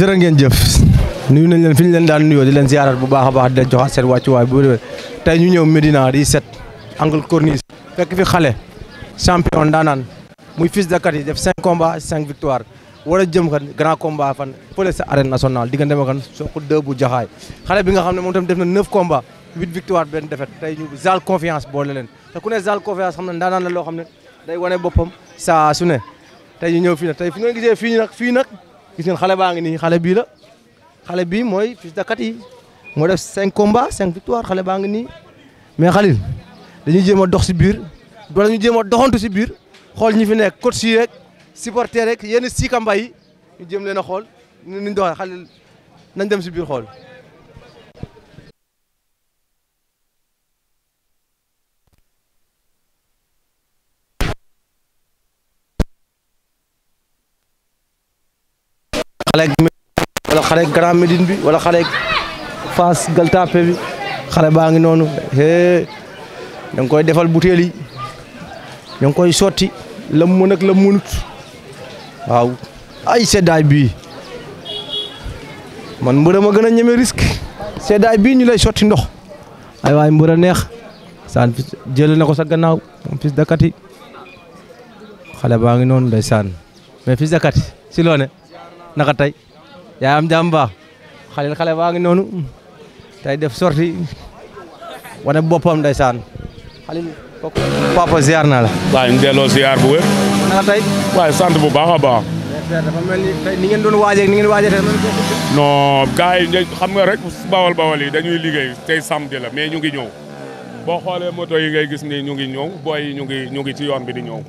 jërë ngeen jëf nuyu nañ leen fi daan nuyoo di leen ziarat bu baax a baax di leen joxaat seen wàccuwaay bu wér tey ñu ñëw Médina di angle corniche fekk fi xale champion daanaan muy fils de def cinq combats cinq victoire war a jëm kan grand combat fan fële sa arène nationale diggante ma kan Sokh 2 jaxaay xale bi nga xam ne moom tam def na neuf combats huit victoire benn défaite tey ñu zaal confiance boole leen te ku ne zaal confiance xam ne daanaan la loo xam ne day wane boppam saa su gis ngeen xale baa ngi nii xale bii la xale bii mooy fils de Katy moo def cinq combats cinq victoire xale baa ngi nii mais Khalil dañuy jéem a dox si biir wala ñu jéem a doxantu si biir xool ñi fi nekk coach yi rek supporter rek yenn siikamba yi ñu jéem leen a xool ñu doxal Khalil nañ dem si biir xool xale wala xale Grand Médine bi wala xale Fass Galtape bi xale baa ngi noonu hee da koy defal butéel yi da koy sotti la mën ak la mënut waaw ay seddaay bi man mbër ma gën a ñeme risque seddaay bii ñu lay sotti ndox ay waay mbër a neex saan jël na ko sa gannaaw moom fils de Katy xale baa ngi noonu ndeysaan mais fils de si loone naka tey yaa am jàmm baax xale xale baa ngi noonu tey def sorti wane boppam ndeysaan xalil papa ziar naa la waaye ñu delloo ziar bu wér naka tey sant bu baax a baax dafa doon waajee ni ngeen waajee tey non gars yi xam nga rek bawal bawal yi dañuy liggéey tey samedi la mais ñu ngi ñëw boo xoolee moto yi ngay gis nii ñu ngi ñëw booy yi ñu ngi ci yoon bi di ñëw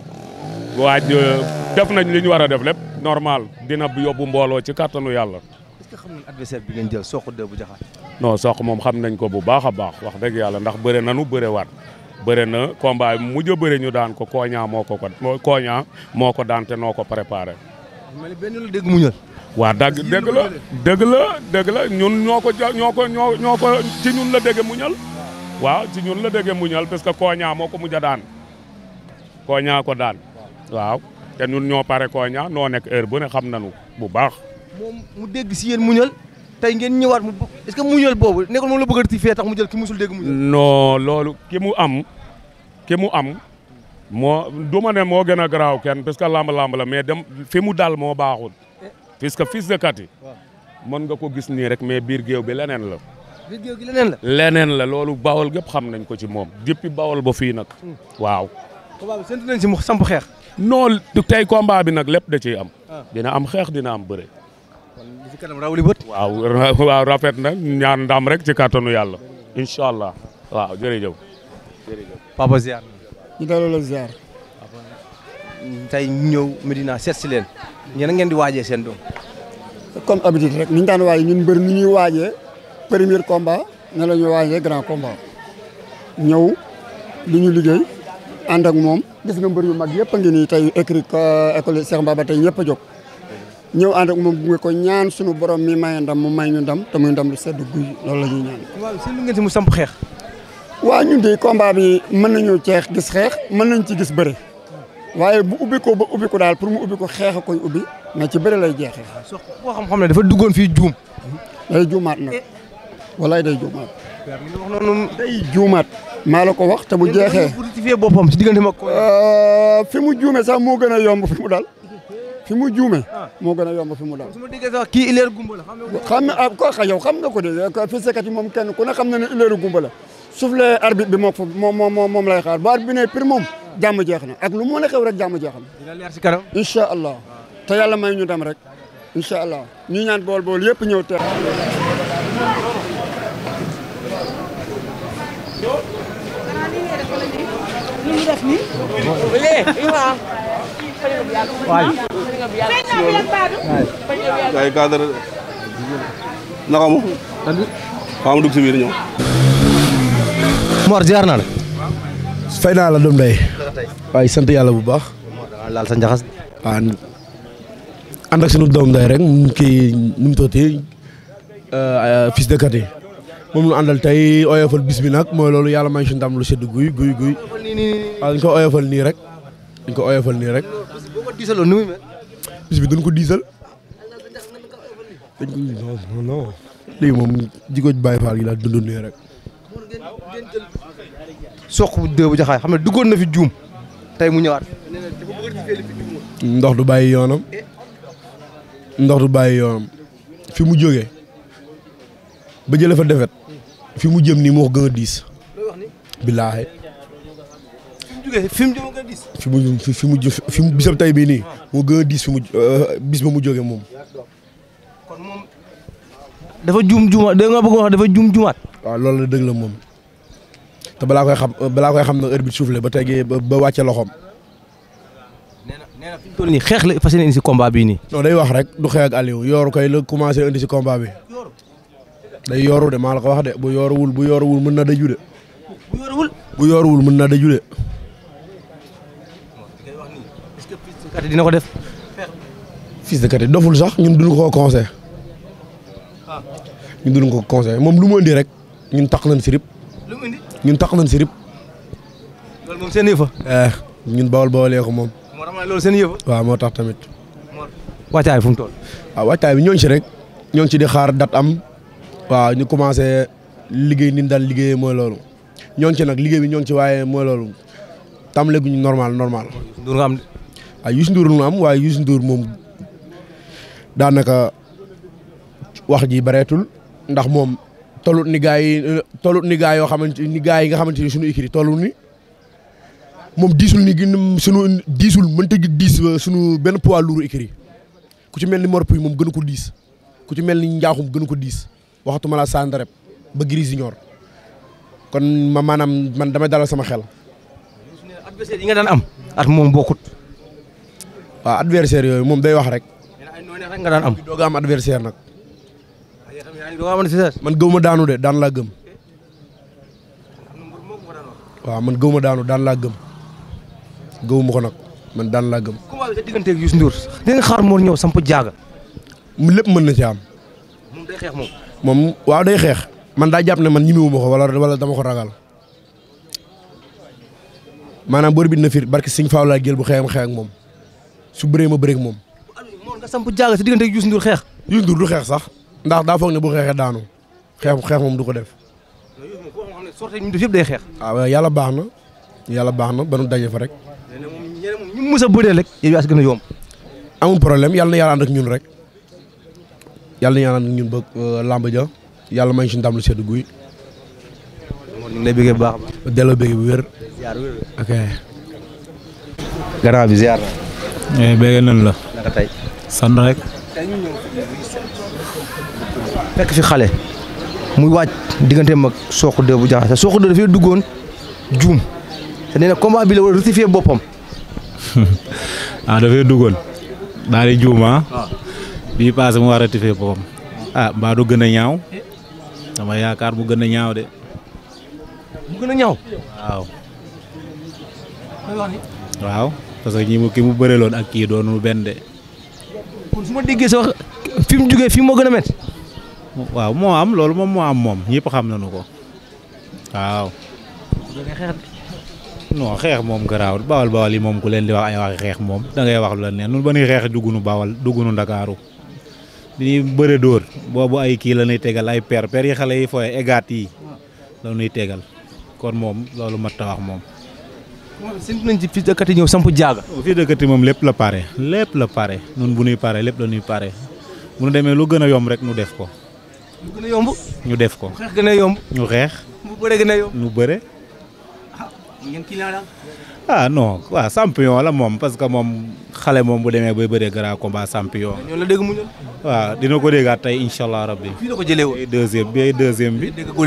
waaj euh, def nañ li ñu war a def lépp normal dina yóbbu mbooloo ci kattanu yàlla. est-ce bi ngeen jël Sokh de bu jaxaat. non moom xam nañ ko bu baax baax wax dëgg yàlla ndax bëre nanu bëre waat bëre na combat bi mujj a ñu daan ko kooñaa moo ko ko kooñaa moo ko daan te noo ko préparé. mais benn la dégg mu waa dagg dëgg la dëgg la dëgg la ñun ñoo ko ñoo ko ñoo ko ci ñun la dégg muñal waaw ci ñun la dégg muñal parce que kooñaa moo ko muj a daan kooñaa ko daan waaw te ñun ñoo pare Koña noo nekk heure bu ne xam nañu bu baax. mu dégg si yéen muñal tey ngeen ñëwaat mu est-ce que muñal boobu nekkul moom la bëgg a rectifier tax mu jël ki musul dégg muñal. non loolu ki mu am ki mu am moo du ne moo gën a garaaw kenn parce que lamb-lamb la mais dem fi mu dal moo baaxul. puisque fils de Katy. mën nga ko gis nii rek mais biir géew bi leneen la. biir leneen la. loolu bawol gépp xam nañ ko ci moom depuis bawol ba fii nag. Hmm. waaw. waaw séntu nañ si mu samp xeex. non tey combat bi nag lépp da ciy am. dina am xeex dina am bëre. li ci raw li bët. waaw waaw rafet na ñaan ndam rek ci kattanu yàlla. incha allah waaw jërëjëf. jërëjëf papa ziar. ñu dalal la ziar. tey ñëw Medina seet si leen. ñeneen ngeen di waaje seen doom. kom habitude rek ni ñu daan ñun mbër ni ñuy waajee premier combat ne la ñuy grand combat. ñëw li liggéey. ànd ak moom gis nga mbër yu mag yëpp a ngi nii tey écrit euh, école Cheikh Mbaba tey ñëpp a jóg ñëw ànd ak moom bu ko ñaan suñu borom mi maye ndam mu may ñu ndam te muy ndam lu sedd guy loolu la ñuy ñaan. waaw si lu ngeen si mu samp xeex. waaw ñun de combat bi mën nañu ceex gis xeex mën nañ ci gis bëri waaye bu ubbi ko ba ubbi ko daal pour mu ubbi ko xeex koy ubbi mais ci bëri lay jeexee. sox koo xam-xam dafa duggoon fi juum. day juumaat nag eh. walaay day day juumaat. maa la ko wax te bu jeexee bu boppam ci diggante ma ko euh, fi mu juume sax moo gën a yomb fi mu dal fi mu juume ah. moo gën a yomb fi mu dal. su ma déggee sax kii ileer gumba la. xam nga ko ah, yow xam nga ko de fi sekat yi moom kenn ku ne xam na ne ileeru gumba la soufflé arbitre bi moo moom moom moom lay xaar bu arbitre bi ne pire moom jàmm jeex na ak lu mu xew rek jàmm jeex na. dina leer si kanam. incha allah te yàlla ma ñu dem rek incha allah ñu ñaan bool bool yëpp ñëw teew. def nii. waaw. naa la. doom day. waaye sant yàlla bu baax. laal sa njaxas. waaw ànd sunu doom day rek nu mu tuddati euh, fils de quartier. moom lu àndal tey oyofal bis bi nag mooy loolu yàlla may si ndam lu sedd guy guy guy waaw dañ ko oyofal nii rek dañ ko oyofal nii rek bis bi dañ ko non non léegi daal dund nii rek soq bu dëw jaxaay xam ne duggoon na fi juum tey mu ñëwaat ndox du bàyyi yoonam ndox du bàyyi yoonam fi mu jóge ba jële fa defet fi mu jëm nii moo gën a diis. billaahi. fi mu jëm fi mu jëm fi mu fi mu bisam tey bii nii moo gën a fi mu euh, bis ba mu jógee moom. kon moom dafa juum juumaat da nga bëgg dafa juum juumaat. loolu la dëgg la moom te balaa koy xam balaa koy xam na heure bi suuf la ba tegee ba wàcce loxoom. nee na fi ñu xeex la fas yéene indi si combat bii nii. non day wax rek du xeex ak Aliou yor koy la commencé indi si combat bi. day yooru de maa la ko wax de bu yooruwul bu yooruwul mën na daju de. bu yooruwul bu yooruwul mën na daju de. est de Katy dina ko def. fils doful sax ñun duñu ko conseil ah. ñun duñu ko conseil moom lu mu indi rek ñun tax nañ sirip. ñun tax nañ sirip. loolu moom seen yëfa. Eh, ñun ko moom. moo tax ma loolu seen moo tax tamit. wàccaay fu tool toll. waaw ah, wàccaay bi ñooñu si rek ñooñu si di xaar dat am. waaw ñu commencé liggéey ni daal liggéey mooy loolu ñoo ngi nag liggéey bi ñoo ngi ci waaye mooy loolu tàmbale guñu normal normal. Ndour nga am waaw Youssou Ndour nga am waaye Youssou Ndour moom daanaka wax ji bareetul ndax moom tollut ni gars yi tollut ni gars yoo xamante ni yi nga xamante ni suñu écrit tollu ni moom diisul ni suñu diisul mënta gi diis suñu benn poids lourd écrit ku ci mel ni Mor Pouy moom gën ko diis ku ci mel ni njaaxum gën ko diis. waxatuma la sànni rep ba Gris kon ma maanaam man dama dalal sama xel. i nga daan am at moom bokkut. waaw adversaire yooyu moom day wax rek. rek nga daan am doo am adversaire nag. Ah, man gëw daanu daan laa gëm. waaw man gëw ma daanu daan laa gëm gëw ma ko nag man daan laa gëm. comment sa digganteeg Youssou Ndour. di nga xaar moo lépp mën na ci am. xeex moom. moom waaw day xeex man daa jàpp ne man ñimewuma ko wala wala dama ko ragal maanaam bër bi na fir barke Sëñ Faaw laa jël bu xeexam xeex moom su bëree ma bëree moom. moom nga samp jaaga si diggante Youssou Ndour xeex. Youssou xeex sax ndax daa foog ne bu xeexee daanu xeex xeex moom du ko def. sorte yi ñu def yëpp day xeex. waaw ah yàlla baax na yàlla baax na ba daje fa rek. ñu mës a bëree rek yow yaa si problème yàlla na yàlla ñun rek. yàlla ñaanal ñun ba euh, làmb ja yàlla may si ndam lu sedd guy. ñu baax a baax. delloo bëggee bu wér. ziar wér. ok. garaaw bi ziar na. Eh, la. naka tey. sant rek. fekk fi xale. muy waaj diggante mag Sokh 2 bu jaxase Sokh 2 dafay duggoon juum te nee na combat bi war a rectifier boppam. ah dafay duggoon daal di juum ah. Ah. bii passé mu war a ratifié boppam ah mbaa du gën a ñaaw sama yaakaar mu gën ñaaw de. mu gën waaw. waaw parce que ñi mu ki mu bëre loon ak kii doonul benn de. kon ma déggee sa wax fi mu jugee fii moo gën a waaw moo am loolu moom moo am moom ñëpp xam nañu ko waaw. non xeex moom garaawul bawal bawal yi moom ku leen di wax ay waxi xeex moom da wax la neex nun ba ñuy xeex dugg nu bawal dugg Ndakaaru dañuy bëre dóor boobu ay kii la ñuy tegal ay per per yi xale yi fooy egaat yi la tegal kon moom loolu mat ta wax moom. sint nañ ci fii dëkkat yi ñëw samp jaaga. fii dëkkat yi moom lépp la pare lépp la pare nun bu nuy pare lépp la ñuy pare bu ñu demee lu gën a yomb rek ñu def ko. lu ñu def ko xeex gën a yomb. ñu xeex. mu bëre ah no waaw ah, champion la moom parce que moom xale moom bu demee bay bëree grand ko baa ñoo la dégg ah, dina ko déggaat tey incha allah rabbi. fii la ko jëlee woon bi ay deuxième bi ay deuxième bi. dégg ko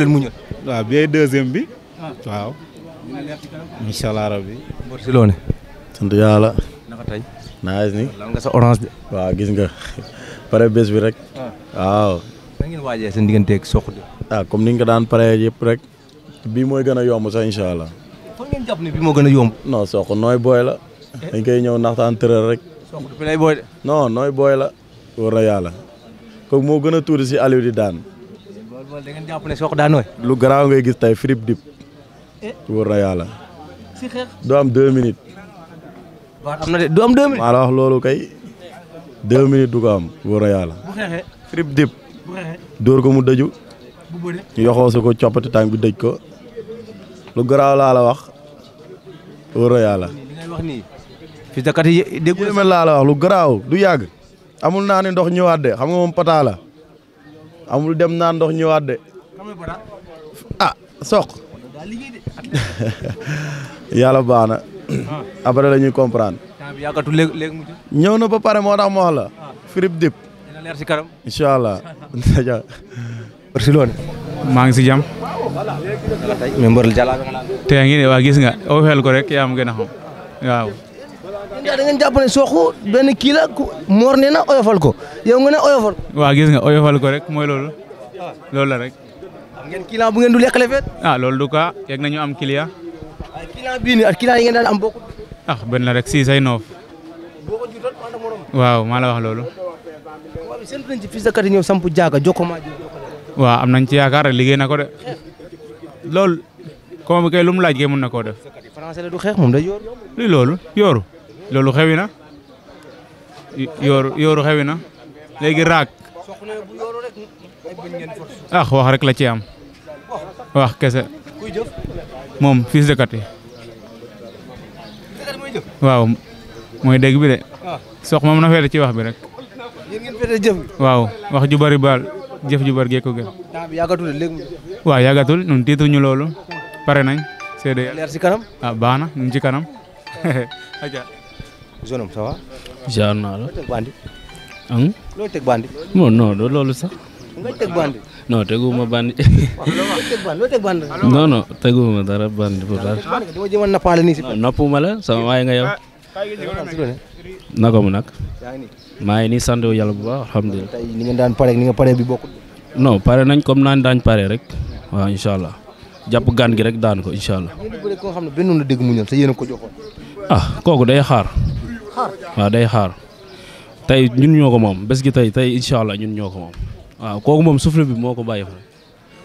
ah, bi ay deuxième bi. rabbi. Mbor si tey. naa ni. nga sa orange bi. waaw gis nga pare bés bi rek. waaw. na ngeen waajee seen digganteeg soq. ah comme ni nga ko daan paree yëpp rek. bii mooy gën a yomb sax incha allah. fan ngeen bi moo gën a yomb. non Sokh nooy booy la. Eh? dañ koy ñëw naxtaan tëral rek. Sokh du lay booy de. non nooy booy la. war na yàlla. kooku moo gën a tuuti si Aliou di daan. da ngeen jàpp ne Sokh lu garaaw ngay gis tey frip dip. Eh? war na yàlla. si xeex du am deux minutes. waaw am na de du am deux na yàlla. bu dip. dóor ko mu dëju. bu ko coppati tànk bi dëj ko. lu garaaw laa la wax wóor na yàlla. wax nii Fils wax lu garaaw du yàgg. amul naa ne ndox ñëwaat de xam nga moom pata amul dem naa ndox ñëwaat de ah soq yàlla baax na ah. après la ñuy comprendre. na ba pare moo tax mu wax la. Ah. firib dip. incha allah. Barcelona. maa ngi si jàmm. mais Mbër Jalla. te yaa ngi ne waa nga o xel ko rek yaa am gën a xam waaw. da a jàpp ne Sokh benn kii la moor nee na oyofal ko yow nga ne oyofal. waa gis nga oyofal ko rek mooy loolu loolu la rek. am ngeen bu ngeen du lekkale feet. ah loolu du nañu am client. waaye client bii yi ngeen daan am bokkul. a ah, benn la rek six ay noof. waaw maa la wax loolu. waaw am nañ ci yaakaar rek liggéey na ko de loolu comme kay lu mu laaj kay mun na koo def. français la du xeex moom loolu yooru loolu xewi na yooru yooru xewi na léegi raak ah wax rek la ci am wax kese moom fils de Katy waaw mooy dégg bi de ah. sox moom na fee ci wax bi rek waaw wax ju baal. jëf ju bari gee ko gën. yàggatul léegi. waaw yàggatul ñun tiituñu loolu pare nañ. seede leer si kanam. Ah, na ñu ci kanam. zonam ça va. jaar naa la. loo teg bandi. non non loolu sax. nga teg bandi. non teguma bandi. loo teg bandi. non non teguma dara bandi bu dara. dama jëma nappaale sama waay nga yow. naka mu maa ngi nii sant yàlla bu baax alhamdulilah. tey ni nga daan pare ni nga pare bi bokkul. non pare nañ comme naan daañ pare rek waaw incha allah jàpp gaan gi rek daan ko incha allah. koo xam ne benn la dégg mu ñëw te yéen a ko joxoon. Ah, kooku day xaar. waaw day xaar tey ñun ñoo ko moom bés gi tey tey incha allah ñun ñoo ko moom waaw kooku moom soufflé bi moo ko bàyyi fa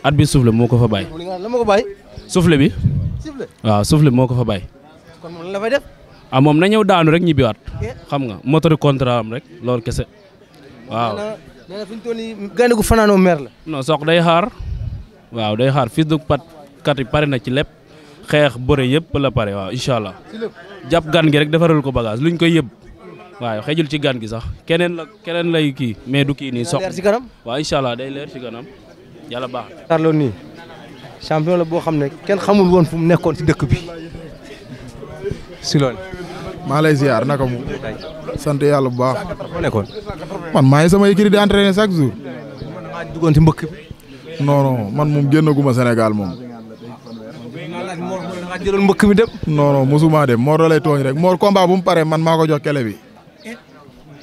at bi soufflé moo ko fa bàyyi. la ma bi. waaw soufflé moo ko fa bàyyi. am ah, moom na ñëw daanu rek ñibbiwaat xam nga motori contrat am rek loolu kese waaw. nee na fi ñu toll nii gu fanaanoo mer la. non sox day xaar waaw day xaar fils de pat kat yi pare na ci lépp xeex bëre yëpp la pare waaw incha allah jàpp gan gi rek defaral ko lu ñu koy yëb waaw xejul ci gan gi sax keneen la keneen lay kii mais du kii nii sox waaw incha allah day leer ci kanam yala baax na. nii champion la boo xam ne kenn xamul woon fu mu nekkoon ci dëkk bi. si loolu. maa lay ziar naka mu. sant yàlla bu baax. man maa ngi sama écurie di entraîner chaque jour. maa ngi duggoon ci mbëkk bi. non man moom génnaguma Sénégal moom. maa jëloon mbëkk bi dem. non non dem Mor da lay tooñ rek Mor combat bu mu paree man maa ko jox kele bi.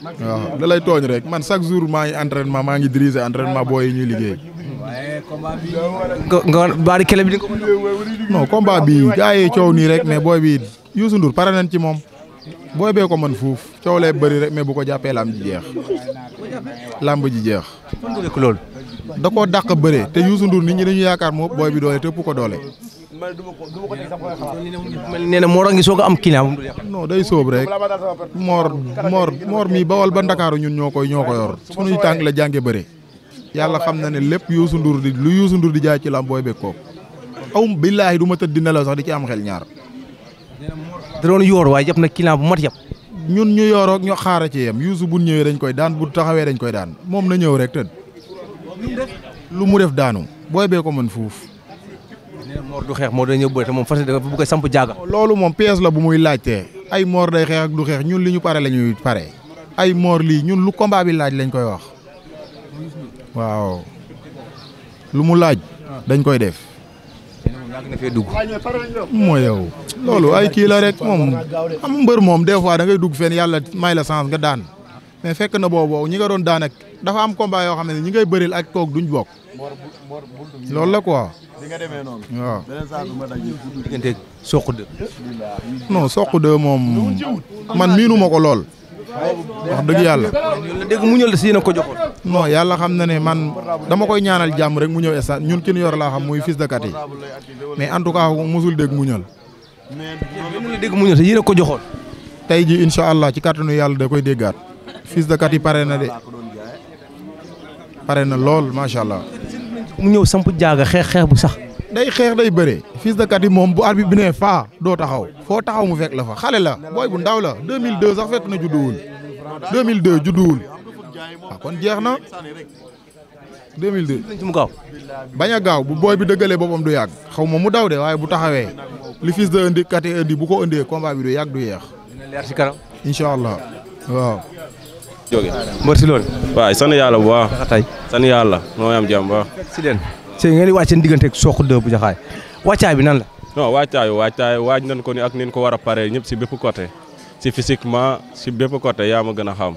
waaw da lay tooñ rek man chaque jour maa ngi entraînement maa ngi diriger entraînement booy yi ñuy liggéey. combat bi nga baari kele bi di ko. rek mais booy bi Youssou Ndour pare nañ ci moom booy bee ko man fuuf coow lay bëri rek mais bu ko jàppee làmb ji jeex lamb ji jeex. loolu. da koo dàq bëree te Youssou Ndour nit ñi dañu yaakaar moo booy bi doole tëpp ko doole. nee na Mor a ngi soog a am client. non day sóob rek Mor Mor Mor mii bawal ba Ndakaaru ñun ñoo koy ñoo ko yor suñuy tànk la jànge bëre yàlla xam na ne lépp Youssou Ndour di lu Youssou di jaay ci làmb booy beeg kooku aw billaahi du ma tëdd di nelaw sax di ci am xel ñaar. da doon yoor waaye yëpp na client bu mat yëpp. ñun ñu yooroog ñu xaara ci yem Youssou bu ñëwee dañ koy daan bu taxawee dañ koy daan moom na ñëw rek tën. lu mu def daanu booy bee ko mën fuuf. moor du xeex moor day ñëw te moom fas dafa bëgg a samp jaaga. loolu moom pièce la bu muy laajtee ay moor day xeex ak du xeex ñun li ñu pare la ñuy pare ay moor lii ñun lu combat bi laaj lañ koy wax waaw lu mu laaj dañ koy def. moo yow loolu ay kii la rek moom am mbër moom de fois da ngay dugg fenn yàlla may la chance nga daan mais fekk na boobu ñi nga doon daan ak dafa am combat yoo xam ne ñi ngay bëril ak koog duñ bokk loolu la quoi waaw non soq de moom man miinu ma ko lool wax dëgg yàlla. dégg mu ñëw si yéen ko joxoon. moo yàlla xam na ne man dama koy ñaanal jàmm rek mu ñëw stade ñun ki ñu yor laa xam muy fils de Katy mais en tout cas mosul dégg mu ñëw. mais mu dégg mu ñëw si yéen ko joxoon. tey ji incha allah ci kattanu yàlla da koy déggaat. fils de Katy pare na de pare na lool macha allah. mu ñëw samp jaaga xeex xeex bu sax. day xeex day bëre fils de Katy moom bu arbitre bi ne faa doo taxaw foo taxaw mu fekk la fa xale la booy bu ndaw la 2002 sax fekk na judduwul 2002 judduwul waaw ah, kon jeex na 2002. mu gaaw bañ a gaaw bu booy bi dëggalee boppam du yàgg xaw ma mu daw de waaye bu taxawee li fils de indi Katy indi bu ko indee combat bi du yàgg du yeex. dina leer ci kanam. incha allah waaw. jóge si loolu. waaw sant yàlla bu baax. sant yàlla moo am jàmm bu sëñ ngeen di wàcc seen diggante ak Sokh bu Jaxaay wàccaay bi nan la. non wàccaayu wàccaay waaj nañ ko ni ak nin ko war a paree ñëpp si bépp côté si physiquement si bépp côté yaa ma gën a xam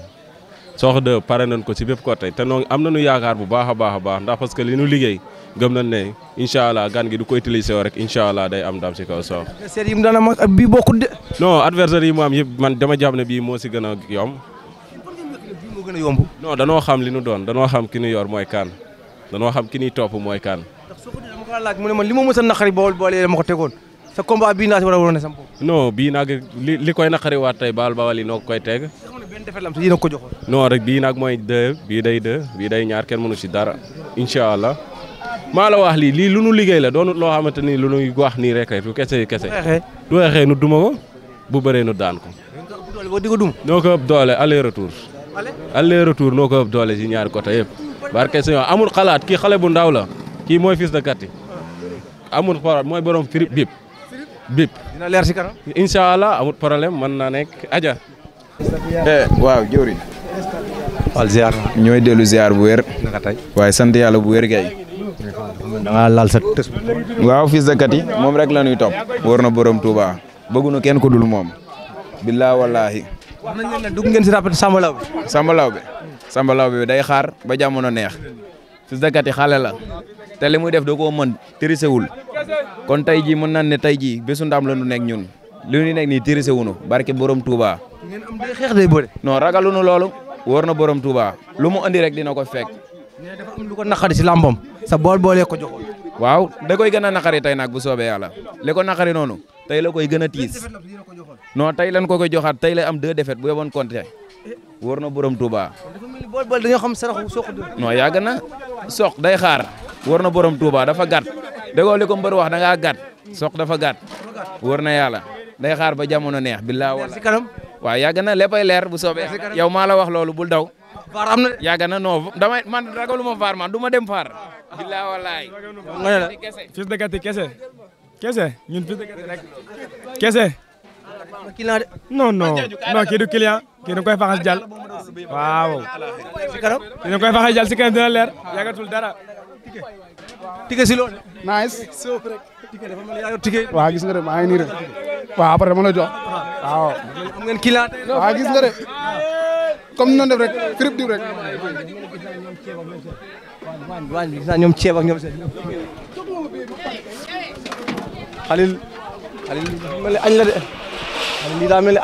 Sokh 2 pare nañ ko si bépp côté te noonu am na nañu yaakaar bu baax a baax baax ndax parce que li ñu liggéey gëm na ne incha allah gan gi du ko utilisé rek incha allah day am ndam si kaw Sokh. adversaire yi mu daan am ak yi mu am yëpp man dama jàpp ne bii moo si gën a yomb. bii yomb. non danoo xam li ñu doon danoo xam ki ñu yor mooy kan danoo xam ki ñuy topp mooy kan. ndax soo mu ne man li ma sa a naqari bool bool yi dama ko tegoon sa combat bii naa si war a waroon a sam non bii nag li li koy naqariwaat tey baal baal yi noo koy teg. benn defet la am te ko joxoon. non rek bii nag mooy deux bii day deux bii day ñaar kenn mënu si dara incha allah maa la wax lii lii lu nu liggéey la doo doonut loo xamante ni lu nuy wax nii rek rek du kese kese. du waxee nu duma ko bu bëree nu daan ko. noo ko ëpp doole aller retour. aller retour noo ko ëpp doole si ñaari côté yëpp. barke Seigneur amul xalaat kii xale bu ndaw la kii mooy fils de Kati amul xalaat mooy borom firib bip bip. dina allah amul problème mën naa nekk aja. Eh, waaw jëwriñ. ñooy dellu ziar bu wér. naka waaye sant yàlla bu wér gay da ngaa laal sa tës. waaw fils de Kati moom rek la ñuy topp. wóor na borom Touba. bëgguñu kenn ku dul moom. billaa wallaahi. wax nañ leen ne dugg ngeen si rapport Samba Laobé. Samba Laobé. Samba Laobé bi day xaar ba jamono neex Fils de xale la te li muy def da koo mën tirisewul kon tey ji mën naan ne tey jii bésu ndam la nu nekk ñun li ñu nekk nii tirisewunu barke borom Touba. ngeen am day xeex day bëri. non ragalunu loolu wóor na borom Touba lu mu andi rek dina ko fek mais lu ko naqari si làmbam sa bool boole ko joxoon. waaw da koy gën a naqari tey nag bu soobee yàlla li ko naqari noonu tey la koy gën a tiis non tey lan ko koy joxaat tey la am deux défaites wóor na borom Touba. dafa mel ni bool bool dañoo xam saraxu na soq day xaar. wóor na borom Touba dafa gàtt déggoo li ko mbër wax da ngaa sok soq dafa gat wóor na yàlla day xaar ba jamono neex billaa wala si kanam waaw yàgg na léppay leer bu soobee yow maa la wax loolu bul daw faar am na yàgg na non damay man ragaluma faar man du ma dem faar billaa walaay nga la fils de gàtt kese kese ñun fils de gàtt rek kii na koy faxas jàll waaw kii na koy faxas jàll si kanam dina leer yàggatul dara tike si loolu nice waa gis nga maa ngi nii rek waaw après jox waaw am ngeen kilaat waaw gis nga de comme noonu def rek firib diw rek waaw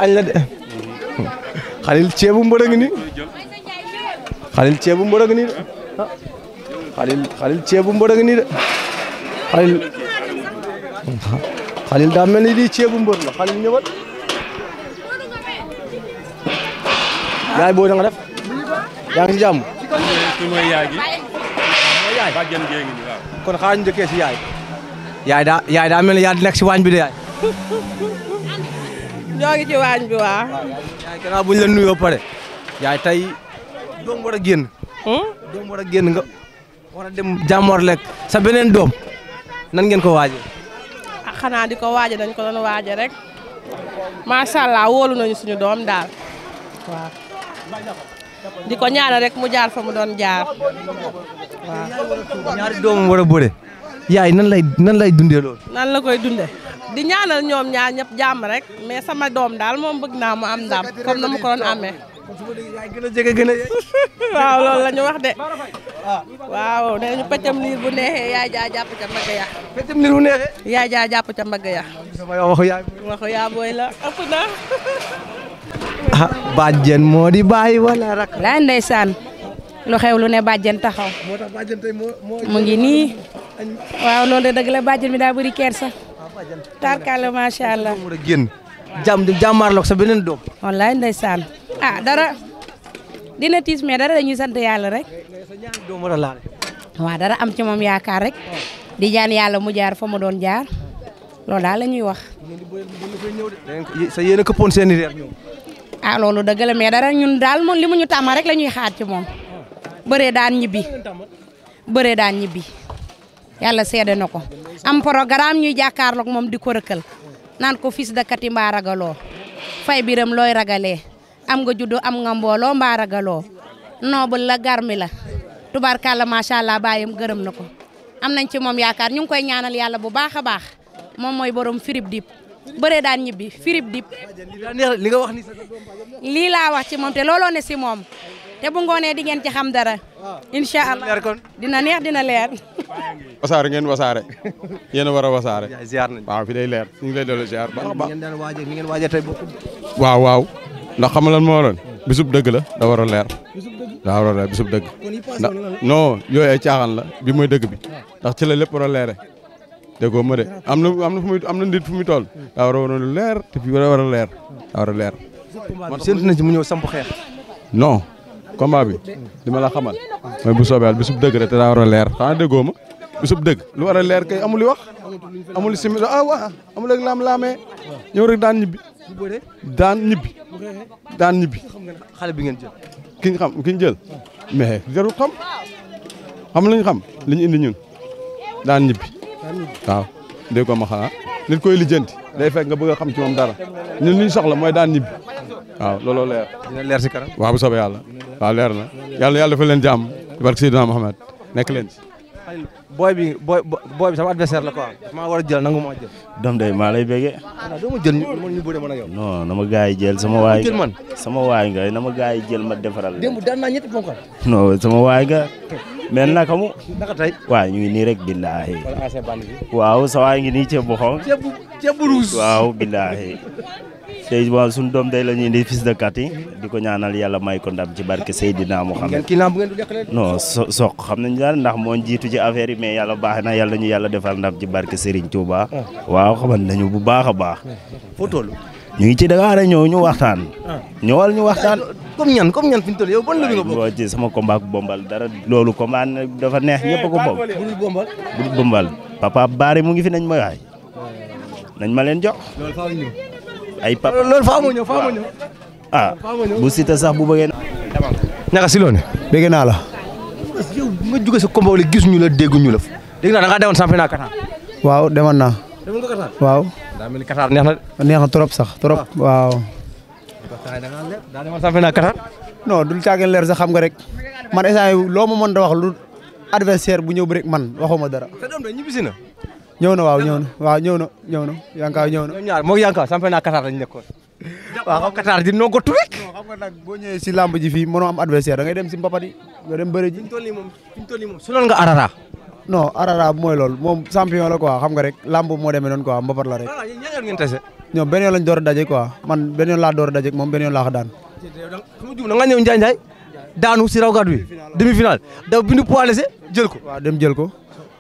añ la xalil ceebu mbër a ngi ni ceebu mbër a ngi ni de xalil ceebu mbër ni de xalil xalil daa mel ni lii ceebu mbër la xalil ñëwal yaay booy na nga def yaa ngi ci jàmm kon xaar ñu njëkkee si yaay yaay daa yaay mel ni yaa di nekk waañ bi de yaay ñoo ngi ci waañ bi waa. yaay bu ñu la nuyoo pare. yaay doom wara génn. Hmm? doom génn nga war a dem lekk sa beneen doom nan ngeen ko waaje ah xanaa di ko waaje dañ ko doon waaje rek macha allah wóolu nañu suñu doom daal waaw. di ko ñaanal rek mu jaar fa mu doon jaar waaw. ñaari doomam war a yaay nan lay nan lay dundee loolu. nan la koy dunde di ñaanal ñoom ñaar ñëpp jàmm rek mais sama doom daal moom bëgg naa mu am ndam comme na mu ko doon a a waaw loolu la ñu wax de. Ah. waaw nee nañu pëccam liir bu neexee yaay jaa jàpp ca mbagg ya. pëccam waxu yaay. waxu na. ah bàjjen moo di bàyyi wala rak. laay ndeysaan. lu xew lu ne bàjjen taxaw. moo tax bàjjen moo moo mu ngi nii. waaw loolu de dëgg la bàjjen bi daa bëri kersa. Ah, tarkala macha allah. jàmm jàmmaarloog sa beneen doom. wallaay ndeysaan ah dara dina tiis mais dara dañuy sant yàlla rek. waaw dara am ci moom yaakaar rek. di jaan yàlla mu jaar fa mu doon jaar loolu daal la ñuy wax. sa yéen a këppoon seen i reer ñoom. ah loolu dëgg la dara ñun daal moom li mu ñu tàmma rek la ñuy xaar ci moom. bëree daan ñibbi bëree daan ñibbi yàlla sede na ko am programme ñuy jàkkaarloog moom di ko rëkkal naan ko fils de Katy mbaa ragaloo fay biram looy ragalee am nga juddu am nga mbooloo mbaa ragaloo noobul la garmi la tubarkalla macha allah baayam gërëm na ko am nañ ci moom yaakaar ñu ngi koy ñaanal yàlla bu baax a baax moom mooy borom firib dip bëree daan ñibbi firib dip lii laa wax ci moom te looloo si moom te bu ngoonee di ngeen ci xam dara. incha allah dina neex dina leer. wasaare ngeen wasaare yéen a war a wasaare. waaw fi day leer ñu ngi lay doon ziar baax a baax. waaw waaw ndax xam nga lan moo waroon bisub dëgg la da war leer. daa war a leer bisub dëgg. ndax non yooyu caaxaan la bi mooy dëgg bi ndax ci la lépp war a leere déggoo ma de am na am na fu muy am na nit fu muy a war a leer te fi war a leer daa war leer. man séntu na ci mu ñëw samp xeex. non. combat bi di ma la xamal mooy bu soobee yàlla bisub dëgg rek te daa war a leer xanaa déggoo ma bisub dëgg lu war a leer kay amul li wax amul simi ah waa amul ak laam-laamee ñëw rek daan ñibbi daan ñibbi daan ñibbi xale bi ngeen jël ki ñu xam ki ñu mais jarul xam xam lañu xam liñ indi ñun daan ñibbi waaw déggoo ma nit koy lijjanti day fekk nga bëgg a xam ci dara ñun li mooy daan ñibbi waaw looloo leer. dina leer si kanam. waaw bu soobee yàlla waaw leer na yàlla yàlla dafa leen jàmm barke Seydina Mohamed nekk leen ci. bi booy booy bi sama adversaire la ko maa war a jël nangu maa jël. doom maa lay béggee. ah doo ma jël man ak yow. non na ma gars yi sama waay nga sama waay nga na ma gars yi ma defaral. démb daan sama waay nga. mel na kamu naka tey waaw ñu ngi nii rek billaahi waaw sa waay ngi nii ceeb bu xonq ceeb bu ruus waaw billaahi tey waaw suñu doom day la ñuy indi fils de Katy di ko ñaanal yàlla may ko ndam ci barke Seydina Muhammad non so soq xam nañu daal ndax moo jiitu ci affaire yi mais yàlla baax na yàlla ñu yàlla defal ndam ci barke Serigne Touba ah. waaw xaman nañu bu baax a baax ñu ngi ci Dakar ñëw ñu waxtaan ah. ñëwal ñu waxtaan comme ñan comme ñan fi ñu toll yow ban léegi sama combat bombal dara loolu combat dafa neex ñëpp a ko bokk. budul eh, bombal budul bombal. mu ngi fi nañ ma waay nañ ma leen jox. loolu faaw ñëw. ay papa loolu faaw ma ah, ñëw bu Siteu sax bu bëggee. ñaka si loone bëgg naa la. yow nga jóge sa combat wala gis ñu la dégguñu la. dégg naa da ngaa demoon championnat Qatar. waaw demoon naa. waaw. daa mel ni Qatar neex neex na trop sax trop ah. waaw. temps da nga leer daa demal safe naa kataan. non leer sax xam nga rek man instant yii loo ma mën da wax lu adversaire bu ñëw bi rek man waxuma dara. te doom de ñibbisi na. ñëw na waaw ñëw na waaw ñëw na ñëw na Yankaw ñëw na. ñoom ñaar moog Yankaw safe naa kataan lañ nekkoon. waaw xam Qatar di noo gottu rek. non si lamb ji fii mënoo am adversaire da ngay dem si mbapat yi nga dem bëre ji. fi ñu toll nii moom fi ñu toll nii nga arara. non arara mooy loolu moom champion la quoi xam nga rek lamb moo demee noonu quoi mbapat la rek. voilà ñoom benn yoon lañ door a daje quoi man benn yoon laa door a daje moom benn yoon laa ko daan. su ma jub na nga ñëw Njaay Njaay daanu si rawgat bi demi final daw bindu poids lese jël ko. waaw dem jël ko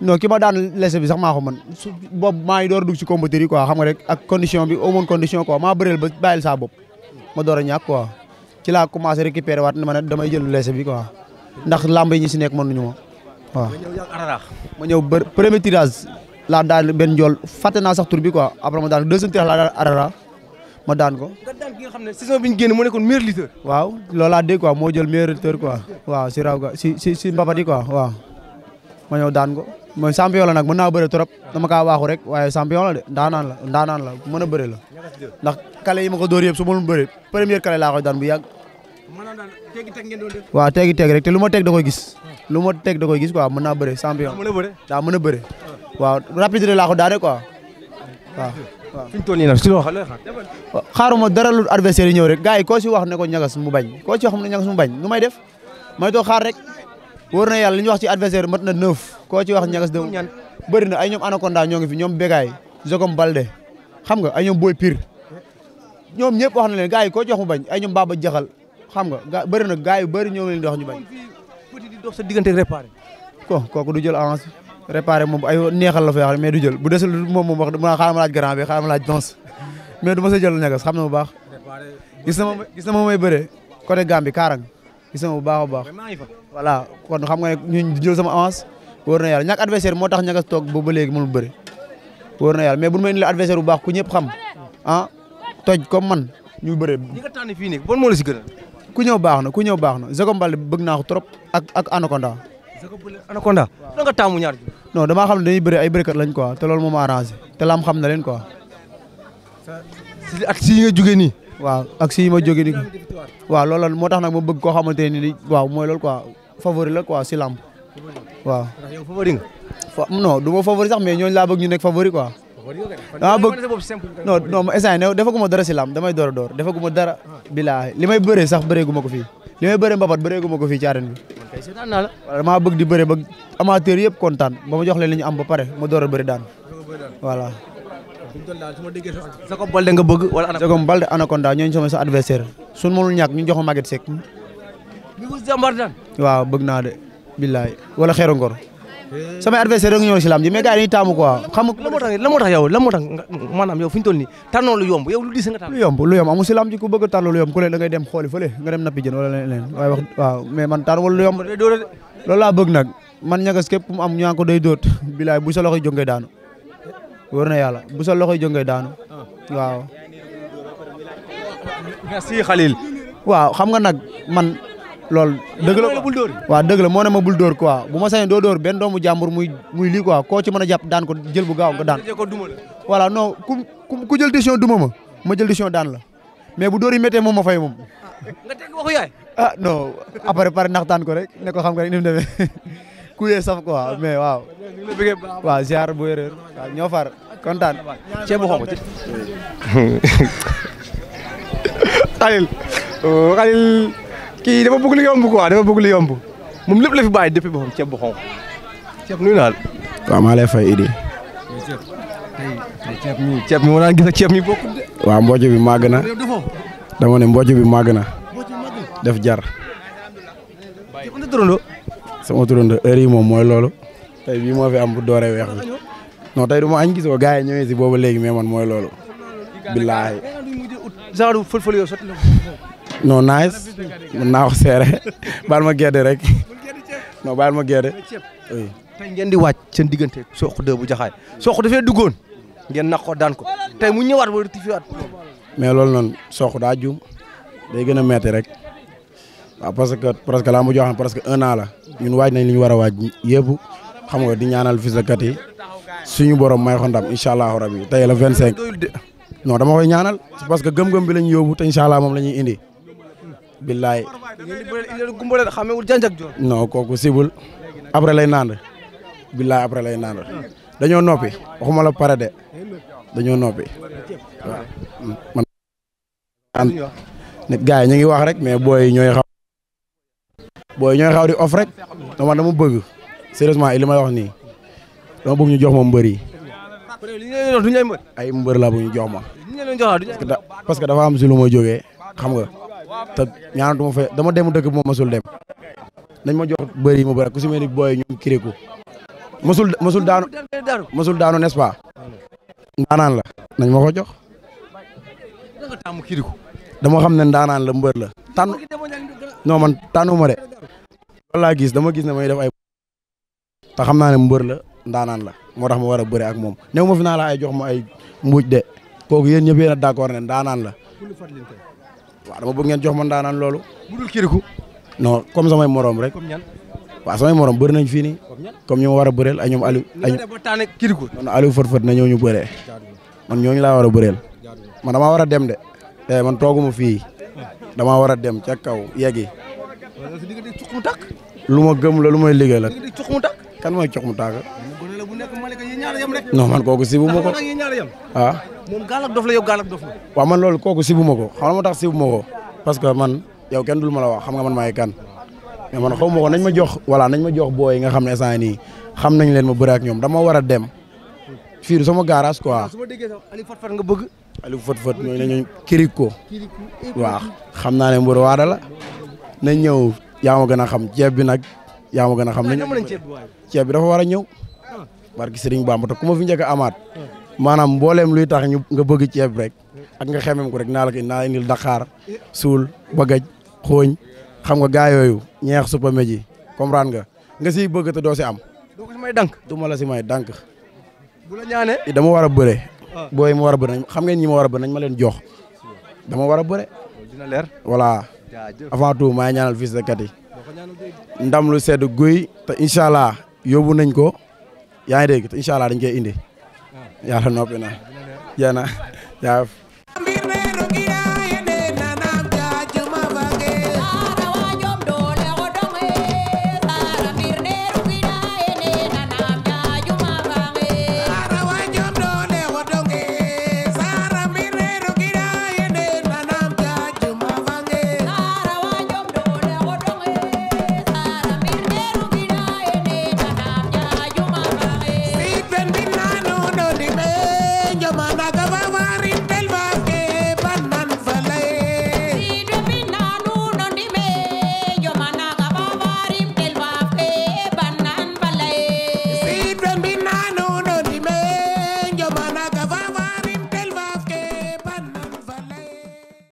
non ki daan lese bi sax maa ko mën su boobu maa i door dugg si combatteur yi quoi xam nga rek ak condition bi amoon condition quoi maa bëreel ba saa bopp ma door a ñàkk quoi ci laa commencé récupérer waat ne ma ne damay jël lese bi quoi ndax lamb yi ñu si nekk mënuñu ma waaw. ma ñëw laa daan benn njool fàtte naa sax tur bi quoi après ma daan ko deuxième tirage laa daan arara ma daan ko. nga daan ki nga xam ne saison bi ñu génn mu nekkoon waaw loolaa dégg quoi moo jël meilleur lutteur quoi waaw si raw ga si si si waaw ma ñëw daan ko. ma champion la nag mën naa bëre trop dama ka waaxu rek waaye champion la de ndaanaan la ndaanaan la mën a bëre la ndax kale yi ma ko dóor yëpp su ma doon bëre première kale laa koy daan bu yàgg. waaw teegi teeg rek te lu ma teg da koy gis. lu ma teg da koy gis quoi mën naa bëre champion daa a bëre. waaw rapide laa ko daane quoi waaw. waaw fi mu toll nii nag si loo xam xaaruma dara lu adversaire yi ñëw rek gars yi koo si wax ne ko ñagas mu bañ koo si wax ne ñagas mu bañ nu may def may toog xaar rek war na yàlla li ñu wax ci adversaire mat na neuf koo ci wax ñagas de bëri na ay ñoom Anaconda ñoo ngi fi ñoom Begaay Jokom Balde xam nga ay ñoom booy Pire ñoom ñëpp wax na leen gars yi koo ci wax mu bañ ay ñoom Baba Jaxal xam nga gaa bëri na gars yu bëri ñoo ngi leen di wax ñu bañ. ko kooku du jël avance réparé moom ay la fa yoo xam mais du jël bu desul moom moom wax dëgg xaaral ma laaj grand bi xaaral ma laaj danse mais du ma sa jël ñagas xam na bu baax. gis na ma gis na ma may bëree côté Gambie gis na bu baax a baax. voilà kon xam nga ne ñu jël sama avance wóor na yàlla ñàkk adversaire moo tax ñagas toog ba ba léegi mënul bëri wóor na yàlla mais bu ñu may indilee adversaire bu baax ku ñëpp xam ah toj comme man ñu bëre ñi nga tànn fii nii bon moo la si gënal. ku ñëw baax na ku ñëw baax na Jacob Baldé bëgg naa ko trop ak ak Anaconda. Jacob Baldé Anaconda. non damaa xam ne dañuy bëri ay bërikat lañ quoi te loolu moom arrangé te lam xam na leen quoi. ak si yi nga jógee nii. waaw ak si yi ma jógee nii. waaw loolu moo tax nag ma bëgg koo xamante ne nii waaw mooy loolu quoi favori la quoi si lam waaw. yow favori nga. non du ma favori sax mais ñooñu laa bëgg ñu nekk favori quoi. Ah, dama bëgg non non instant ne defaguma dara si lam damay door a door defaguma dara bilaahi li may bëree sax ko fii li may bëree ko fii ci arène bi damaa bëgg di bëree ba amateur yëpp kontaan ba ma jox leen li ñu am ba pare ma door a bëri daan voilà Jacob Balde nga bëgg wala Anaconda Jacob Balde Anaconda ñooñu sama sa adversaire suñu mënul ñàkk ñu jox ma Maguette Seck ñu ko jàmbar waaw bëgg naa de billaay wala xeeru ngor sama adversaire rek ñëw si lamb ji mais gars yi dañuy taamu quoi xam nga. la moo tax la moo tax yow la moo tax maanaam yow fi ñu toll lu yomb lu diis nga tànn. lu yomb lu yomb amul si ji ku bëgg a lu yomb ku leen da ngay dem xooli fële nga dem nappi jën wala leneen waaw mais man tànn wala lu yomb loolu laa bëgg nag man ñagas képp mu am ñaa ko day dóot bilaay bu sa loxoy jóg ngay daanu waaw xam nga nag man loolu dëgg la waaw dëgg la moo ne ma bul door quoi bu ma sañoon doo dóor benn doomu jàmbur muy muy lii quoi koo ci mën a jàpp daan ko jël bu gaaw nga daan voilà non ku ku jël décision duma ma ma jël décision daan la mais bu dóor yi méttee moom ma fay moom nga teg waxu yaay ah non après pare naxtaan ko rek ne ko xam nga rek ni mu demee ku yee saf quoi mais waaw waaw ziar bu wéréer waaw ñoo far kontaan ceeb bu xonk kii dafa bëgg lu yomb quoi dafa bëgg lu yomb moom lép la fi bàyyi depuis boppam ceeb bu xonq ceeb nuyu naa la. maa lay Idi. ceeb mi ceeb mi ma daan gis ak ceeb mi bokkul mbooj bi màgg na dama ne mbooj bi màgg na def jar. sama turando heure yi moom mooy loolu. tey bii moo fi am bu dooree weex bi non du ma añ gis ko gars yi ñëwee si boobu léegi mais man mooy loolu. billaahi. genre fël-fël yow sotti la non nice mën naa seere baal ma gedde rek non bal ma gedde oui. tey ngeen di wàcc seen diggante Sokh 2 bu jaxaay Sokh dafee duggoon ngeen nax ko daan ko te mu ñëwaat wala tifiwaat mais loolu noonu Sokh daa juum day gën a metti rek waaw parce que presque laa mu jox xam presque un an la ñun waaj nañ li ñu war a waaj yëpp xam nga di ñaanal fils de kat yi suñu borom may ko ndam incha allahu rabi tey la 25. non dama koy ñaanal parce que gëm-gëm bi la ñu yóbbu te incha moom la ñuy indi. billaay. gumbale xamewul janj ak joor. non kooku sibul après lay naan billaay après lay naan dañoo noppi waxuma la pare de dañoo noppi waaw yi ñu ngi wax rek mais booy ñooy xaw. xaw di off rek dama dama bëgg sérieusement li may wax nii dama bëgg ñu jox ma mbër yi. ay mbër la bu ñu jox ma. parce que dafa am si lu ma jógee xam nga. te ñaanatuma fa dama dem dëkk bu ma masul dem nañ ma jox bëri yi ma bëri ku si mel ni booy ñoom kiriku masul masul daanu masul daanu nest ndaanaan la nañ ma ko jox dama xam ne ndaanaan la mbër la tànn non man tànnuma de walla gis dama gis ne may def ay te xam naa ne mbër la ndaanaan la moo tax ma war a bëre ak moom néew ma fi naa la ay jox ma ay mbuuj de kooku yéen ñëpp yéen a d'accord ne ndaanaan la waaw dama bëgg ngeen jox ma ndaanaan loolu. bu dul kiriku. non comme samay morom rek. comme ñan waaw samay morom bëri nañ fii nii. comme ñu war a bëreel ay ñoom Aliou. ay ñoom kiriku. non Aliou fët fët na ñëw ñu bëree. man ñooñu laa war a bëreel. man damaa war a dem de. te eh, man tooguma fii dama war a dem ca kaw yeggi. lu ma gëm la lu may liggéey la. kan mooy cox mu tàkk. non man kooku sibu ma ko ah. la yow gaal ak man loolu kooku sibu ma ko xam nga moo tax sibu ma parce que man yow kenn dul ma la wax xam nga man maay kan mais man xaw ma ko nañ ma jox voilà nañ ma jox booy yi nga xam ne instant nii xam nañ leen ma bëre ak ñoom dama war a dem fii sama garage quoi. su ma déggee sax Aliou nga bëgg. Aliou Fatfat ñooñu nañu kiriko. waaw xam naa ne mbër waada la nañ ñëw yaa ma gën a xam ceeb bi nag yaa ma gën a xam. nañ ceeb bi dafa war a ñëw. barki Serigne Bamba te ku ma fi njëkk a amaat maanaam mbooleem luy tax ñu nga bëgg ceeb rek ak nga xemem ko rek naa la ko naa indil Dakar suul bagaj xooñ xam nga gaa yooyu ñeex suppa meji comprendre nga nga siy bëgg te doo si am. doo ko du ma la si may dànk. bu la ñaanee dama war a bëre. Ah. booy ma war a bëre nañ xam ngeen ñi ma war a bëre nañ ma leen jox dama war a bëre. dina leer voilà. avant tout maa ñaanal fils de Kati. ndam lu sedd guy te incha allah yóbbu nañ ko. yaa ngi dégg incha allah dañ koy indi ah. yàlla na jeex na